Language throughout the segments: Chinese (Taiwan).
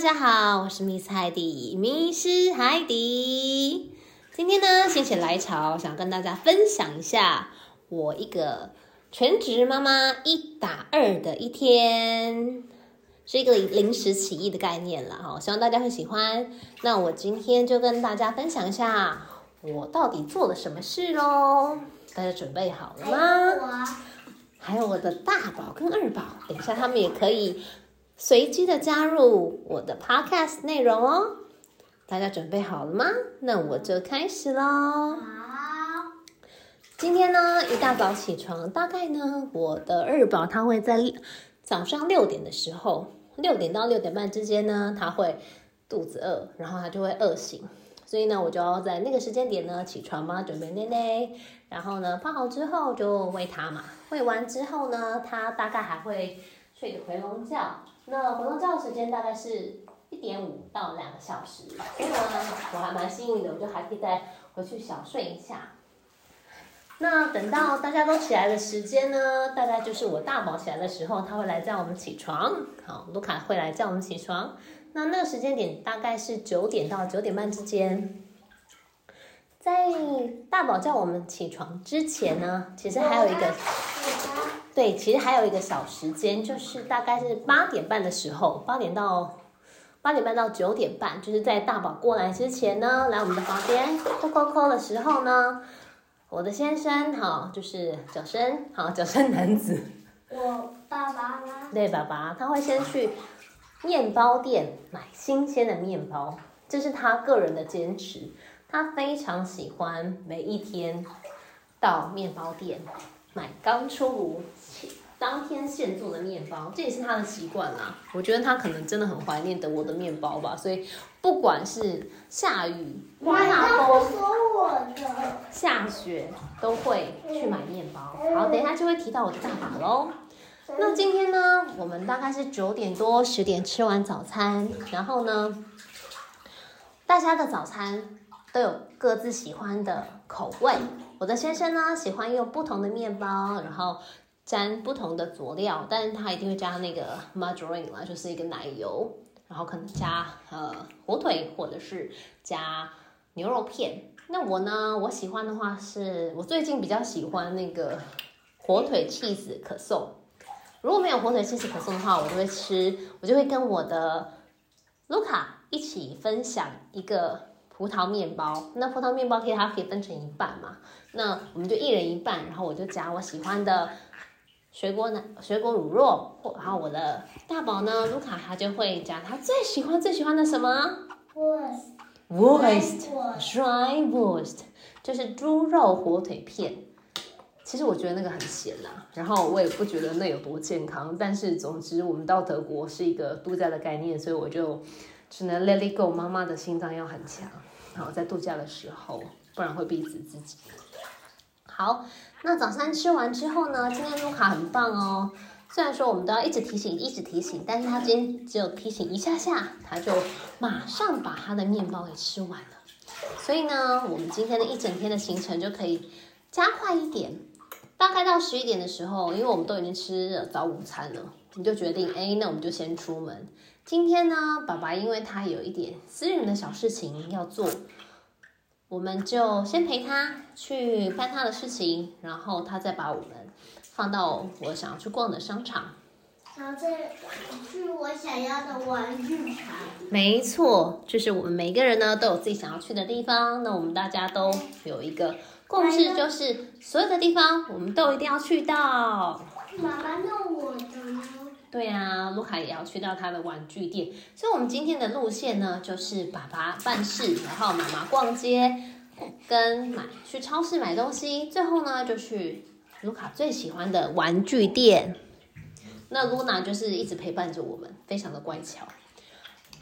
大家好，我是 Miss 海蒂，迷失海底。今天呢，心血來潮，想跟大家分享一下我一個全職媽媽一打二的一天，是一個臨時起意的概念了哈、哦，希望大家會喜歡。那我今天就跟大家分享一下我到底做了什麼事嘍？大家準備好了嗎？還有,啊、還有我的大寶跟二寶，等一下他們也可以。隨機的加入我的 podcast 內容哦，大家準備好了嗎？那我就開始嘍。好。今天呢，一大早起床，大概呢，我的二寶他會在早上六點的時候，六點到六點半之間呢，他會肚子餓，然後他就會餓醒，所以呢，我就要在那個時間點呢起床嘛，準備奶奶，然後呢泡好之後就餵他嘛，餵完之後呢，他大概還會睡個回籠覺。那回籠覺的時間大概是一點五到兩個小時，所以呢，我還蠻幸運的，我就還可以再回去小睡一下。那等到大家都起來的時間呢，大概就是我大寶起來的時候，他會來叫我們起床，好，盧卡會來叫我們起床。那那個時間點大概是九點到九點半之間。在大寶叫我們起床之前呢，其實還有一個，媽媽媽媽對，其實還有一個小時間，就是大概是八點半的時候，八點到八點半到九點半，就是在大寶過來之前呢，來我們的房間扣扣扣的時候呢，我的先生好，就是小伸好小伸男子，我爸爸呢對，爸爸他會先去麵包店買新鮮的麵包，這是他個人的堅持。他非常喜歡每一天到麵包店買剛出爐、當天現做的麵包，這也是他的習慣啦。我覺得他可能真的很懷念等我的麵包吧。所以，不管是下雨、大寶說我的下雪，都會去買麵包。好，等一下就會提到我的大寶嘍。那今天呢，我們大概是九點多、十點吃完早餐，然後呢，大家的早餐。都有各自喜歡的口味。我的先生呢，喜歡用不同的麵包，然後沾不同的佐料，但是他一定會加那個 margarine 啦，就是一個奶油，然後可能加呃火腿或者是加牛肉片。那我呢，我喜歡的話是我最近比較喜歡那個火腿 cheese 可頌。如果沒有火腿 cheese 可頌的話，我就會吃，我就會跟我的 Luca 一起分享一個。葡萄麵包，那葡萄麵包可以，它可以分成一半嘛？那我們就一人一半，然後我就夾我喜歡的水果奶、水果乳酪，然後我的大寶呢，盧卡他就會夾他最喜歡、最喜歡的什麼？Wurst，Wurst，Schweinwurst，就是豬肉火腿片。其實我覺得那個很鹹啦，然後我也不覺得那有多健康，但是總之我們到德國是一個度假的概念，所以我就只能 let it go。媽媽的心臟要很強。然後在度假的時候，不然會逼死自己。好，那早餐吃完之後呢，今天盧卡很棒哦。雖然說我們都要一直提醒，一直提醒，但是他今天只有提醒一下下，他就馬上把他的麵包給吃完了。所以呢，我們今天的一整天的行程就可以加快一點。大概到十一點的時候，因為我們都已經吃了早午餐了，我們就決定，哎，那我們就先出門。今天呢，爸爸因為他有一點私人的小事情要做，我們就先陪他去辦他的事情，然後他再把我們放到我想要去逛的商場，然後這是我想要的玩具城。沒錯，就是我們每個人呢都有自己想要去的地方。那我們大家都有一個共識，來了。就是所有的地方我們都一定要去到。媽媽弄我的。對啊，盧卡也要去到他的玩具店，所以我們今天的路線呢，就是爸爸辦事，然後媽媽逛街，跟買，去超市買東西，最後呢，就去盧卡最喜歡的玩具店。 那盧娜就是一直陪伴着我們，非常的乖巧。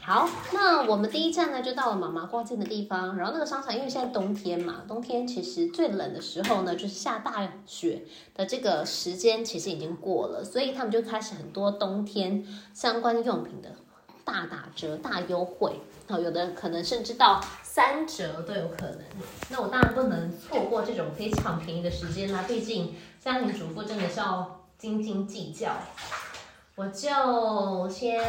好，那我們第一站呢，就到了媽媽逛街的地方。然後那個商場，因為現在冬天嘛，冬天其實最冷的時候呢，就是下大雪的這個時間，其實已經過了，所以他們就開始很多冬天相關用品的大打折、大優惠。有的可能甚至到三折都有可能。那我當然不能錯過這種非常便宜的時間啦，畢竟家庭主婦真的是要斤斤計較。我就先，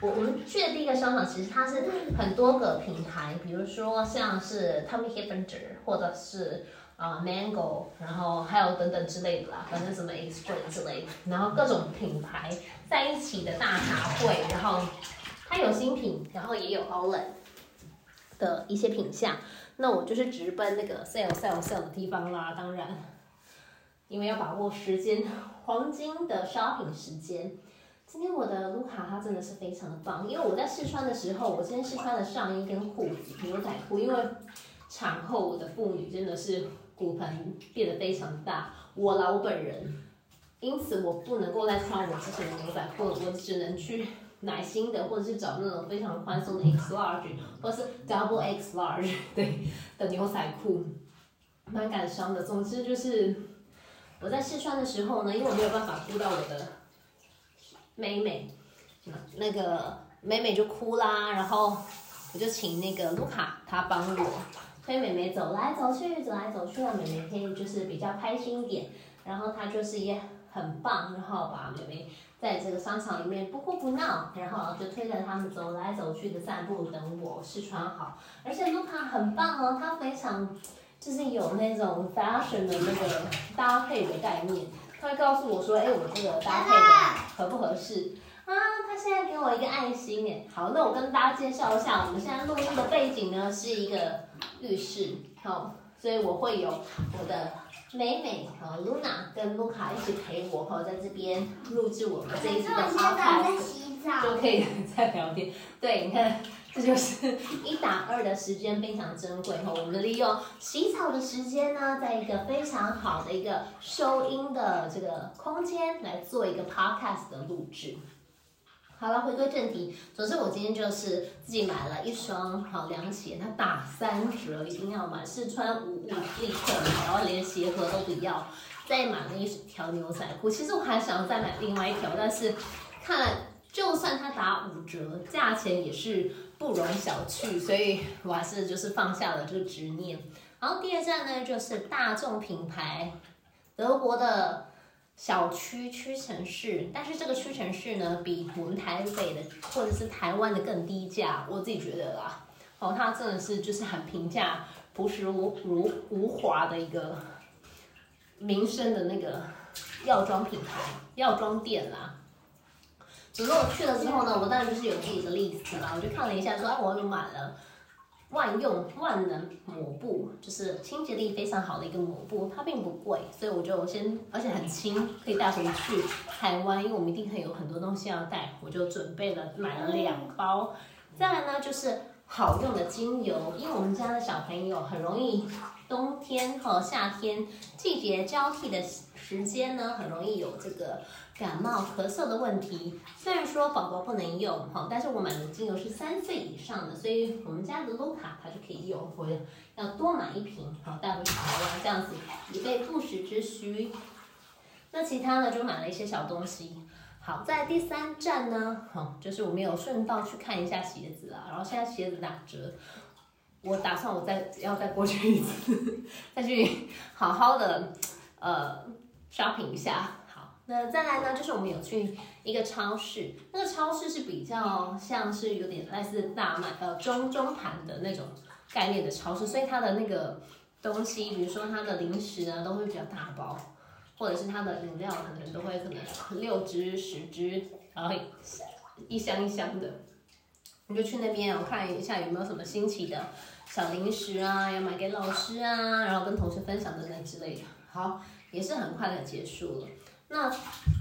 我我們去的第一個商場，其實它是很多個品牌，比如說像是 Tommy Hilfiger，或者是啊、呃、Mango，然後還有等等之類的啦，反正什麼 Express 之類的，然後各種品牌在一起的大雜燴，然後它有新品，然後也有 outlet 的一些品相，那我就是直奔那個 sale sale sale 的地方啦，當然，因為要把握時間，黃金的 shopping 時間。今天我的盧卡他真的是非常的棒，因為我在試穿的時候，我今天試穿的上衣跟褲子牛仔褲，因為產後我的婦女真的是骨盆變得非常大，我啦，我本人，因此我不能夠再穿我之前的牛仔褲了，我只能去買新的或者是找那種非常寬鬆的 x large 或是 double x large 對的牛仔褲，蠻感傷的。總之就是我在試穿的時候呢，因為我沒有辦法鋪到我的。美美，那個美美就哭啦，然後我就請那個盧卡他幫我推美美走來走去，走來走去讓美美可以就是比較開心一點。然後他就是也很棒，然後把美美在這個商場裡面不哭不鬧，然後就推着他們走來走去的散步，等我試穿好。而且盧卡很棒哦，他非常就是有那種 fashion 的那個搭配的概念。他會告訴我說：“哎，我這個搭配的合不合適啊？”他現在給我一個愛心，哎，好，那我跟大家介紹一下，我們現在錄音的背景呢是一個浴室，好、哦，所以我會有我的美美和 Luna 跟 Luca 一起陪我，哈、哦，在這邊錄制我們這一次的 cast cast, 洗澡就可以在聊天。對，你看。這就是一打二的時間非常珍貴哈，我們利用洗澡的時間呢，在一個非常好的一個收音的這個空間來做一個 podcast 的錄製。好了，回歸正題，總之我今天就是自己買了一雙好涼鞋，它打三折，一定要買，試穿五五立刻買，然後連鞋盒都不要。再買了一條牛仔褲，其實我還想再買另外一條，但是看了。就算它打五折，價錢也是不容小覷，所以我還是就是放下了這個執念。然後第二站呢，就是大眾品牌，德國的小屈，屈臣氏，但是這個屈臣氏呢，比我們台北的或者是台灣的更低價，我自己覺得啦。哦，它真的是就是很平價普、樸實無無無華的一個民生的那個藥妝品牌、藥妝店啦。只是我去了之後呢，我當然就是有自己的例子吧，我就看了一下，說哎，我買了萬用萬能抹布，就是清潔力非常好的一個抹布，它並不貴，所以我就先，而且很輕，可以帶回去台灣，因為我們一定會有很多東西要帶，我就準備了買了兩包。再來呢，就是。好用的精油，因為我們家的小朋友很容易，冬天和、哦、夏天季節交替的時間呢，很容易有這個感冒咳嗽的問題。雖然說寶寶不能用哈、哦，但是我買的精油是三歲以上的，所以我們家的盧卡他就可以用。我要多買一瓶，好帶回去好了，這樣子以備不時之需。那其他呢，就買了一些小東西。好，在第三站呢，哈、嗯，就是我們有順道去看一下鞋子啊，然後現在鞋子打折，我打算我再要再過去一次，再去好好的呃 shopping 一下。好，那再來呢，就是我們有去一個超市，那個超市是比較像是有點類似大賣呃中中盤的那種概念的超市，所以它的那個東西，比如說它的零食啊，都會比較大包。或者是它的飲料，可能都會可能六支、十支，然後一箱一箱的，你就去那邊我、哦、看一下有沒有什麼新奇的小零食啊，要買給老師啊，然後跟同事分享的那之類的好，也是很快的結束了。那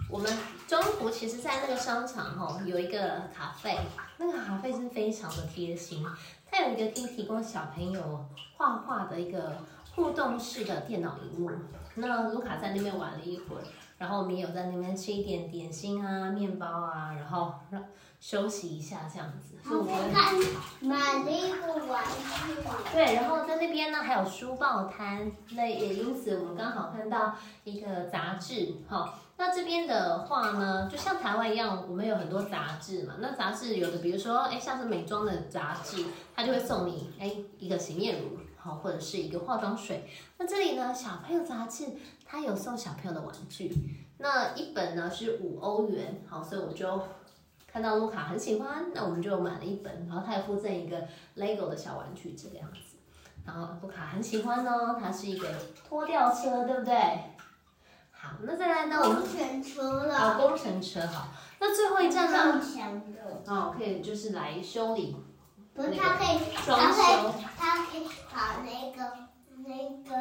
我們中途其實，在那個商場哈、哦，有一個咖啡，那個咖啡是非常的貼心，它有一個可以提供小朋友畫畫的一個。互動式的電腦熒幕，那盧卡在那邊玩了一會兒，然後我們也有在那邊吃一點點心啊、麵包啊，然後休息一下這樣子。啊、所以我們買了一個玩具。對，然後在那邊呢還有書報攤，那也因此我們剛好看到一個雜誌，哈。那這邊的話呢，就像台灣一樣，我們有很多雜誌嘛。那雜誌有的，比如說，哎、欸，像是美妝的雜誌，它就會送你哎、欸、一個洗面乳，好，或者是一個化妝水。那這裡呢，小朋友雜誌，它有送小朋友的玩具。那一本呢是五歐元，好，所以我就看到盧卡很喜歡，那我們就買了一本，然後它也附贈一個 LEGO 的小玩具這個樣子。然後盧卡很喜歡哦，它是一個拖吊車，對不對？好，那再來呢？工程車了。哦、啊，工程車好。那最後一站呢？哦，可以就是來修理不是，他可以裝修。他可以把那個那個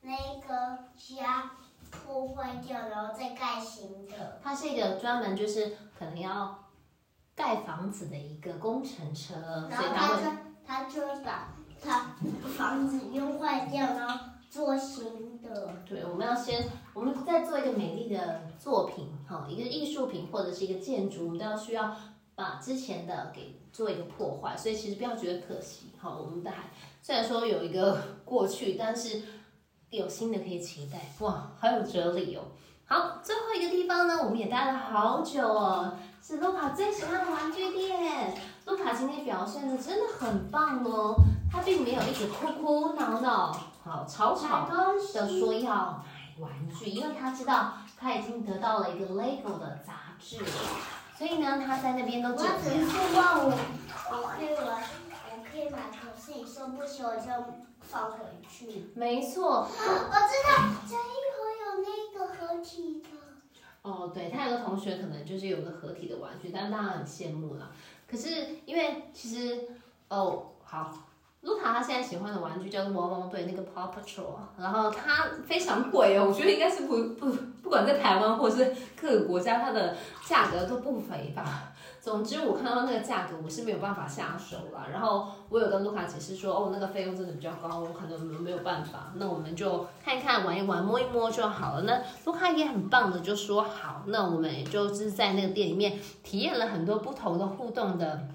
那個家破壞掉，然後再蓋新的。它是一個專門就是可能要蓋房子的一個工程車，他就所以它會它會把它房子用壞掉，然後。做新的。對，我們要先，我們在做一個美麗的作品哈，一個藝術品或者是一個建築，我們都要需要把之前的給做一個破壞，所以其實不要覺得可惜哈，我們的還雖然說有一個過去，但是有新的可以期待。哇，好有哲理哦。好，最後一個地方呢，我們也待了好久哦，是露卡最喜歡的玩具店。露卡今天表現的真的很棒哦。他並沒有一直哭哭鬧鬧，好吵吵的說要買玩具，因為他知道他已經得到了一個 LEGO 的雜誌，所以呢，他在那邊都準備。我只是說，我我可以玩，我可以買，可是你說不行，我就放回去。沒錯，啊，我知道，張一和有那個合體的。哦，對，他有個同學可能就是有個合體的玩具，但是大家很羨慕了。可是因為其實哦，好。露卡他現在喜歡的玩具叫做汪汪隊那個 Paw Patrol，然後它非常貴哦，我覺得應該是不不不管在台灣或是各個國家，它的價格都不菲吧。總之我看到那個價格，我是沒有辦法下手了。然後我有跟露卡解釋說，哦，那個費用真的比較高，我可能沒有辦法。那我們就看一看，玩一玩，摸一摸就好了。那露卡也很棒的，就說好。那我們也就是在那個店裡面體驗了很多不同的互動的。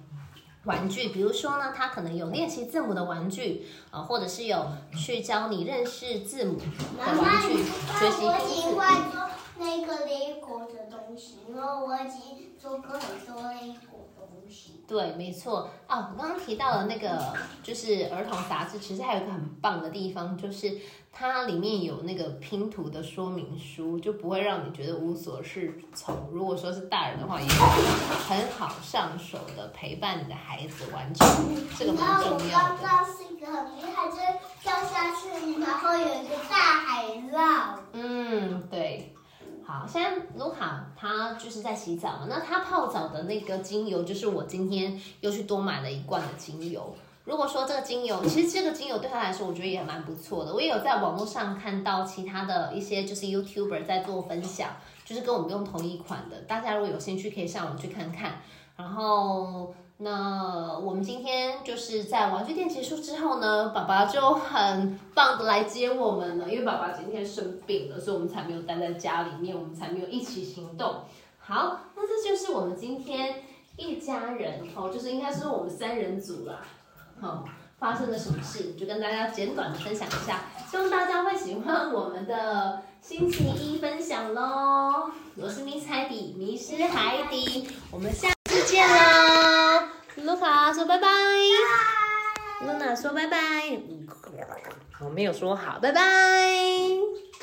玩具，比如說呢，他可能有練習字母的玩具，啊、呃，或者是有去教你認識字母的玩具，媽媽學習。媽媽，我已經做那個那個的東西，因為我已經做過很多 LEGO 對，沒錯啊、哦，我剛剛提到了那個，就是兒童雜誌，其實還有一個很棒的地方，就是它裡面有那個拼圖的說明書，就不會讓你覺得無所適從。如果說是大人的話，也很好上手的，陪伴你的孩子完成。嗯、這個蠻重要的。我剛剛是一個很厲害，就是跳下去，然後有一個大海浪。嗯，對。好，現在盧卡他就是在洗澡嘛。那他泡澡的那個精油，就是我今天又去多買了一罐的精油。如果說這個精油，其實這個精油對他來說，我覺得也蠻不錯的。我也有在網絡上看到其他的一些就是 YouTuber 在做分享，就是跟我們用同一款的。大家如果有興趣，可以上網去看看。然後。那我們今天就是在玩具店結束之後呢，爸爸就很棒的來接我們了，因為爸爸今天生病了，所以我們才沒有待在家裡面，我們才沒有一起行動。好，那這就是我們今天一家人哦，就是應該是我們三人組了、啊。好、哦，發生了什麼事就跟大家簡短的分享一下，希望大家會喜歡我們的星期一分享咯 我是迷彩迪，迷失海底，我們下次見啦。露卡說拜拜，露娜說拜拜，我沒有說好，拜拜。